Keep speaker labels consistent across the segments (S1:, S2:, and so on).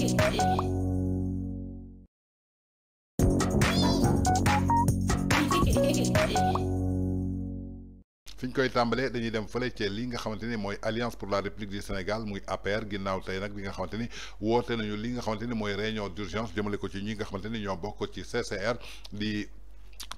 S1: fiñ
S2: koy tambalé dañuy dem feulé ci li nga xamanteni moy alliance pour la république du Sénégal muy APR ginnaw tay nak bi nga xamanteni ni nañu li nga xamanteni moy réunion d'urgence jëmale ko ci ñi nga xamanteni ñoo bokk ci CCR di.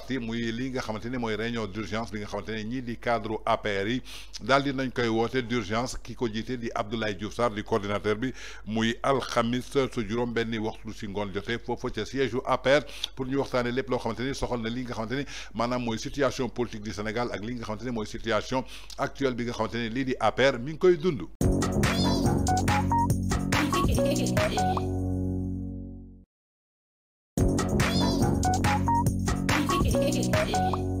S2: parti muy li nga xamanteni moy réunion d'urgence bi nga xamanteni ñi di cadre APR yi dal di nañ koy woté d'urgence kiko jité di Abdoulaye Diouf Sar di coordinateur bi muy Khamis su juroom benni waxtu ci ngoon jotee fofu ci siège APR pour ñu waxtaane lepp lo xamanteni soxal na li nga xamanteni manam moy situation politique du Sénégal ak li nga xamanteni moy situation actuelle bi nga xamanteni li di APR mi ngi koy dund
S1: Chicken.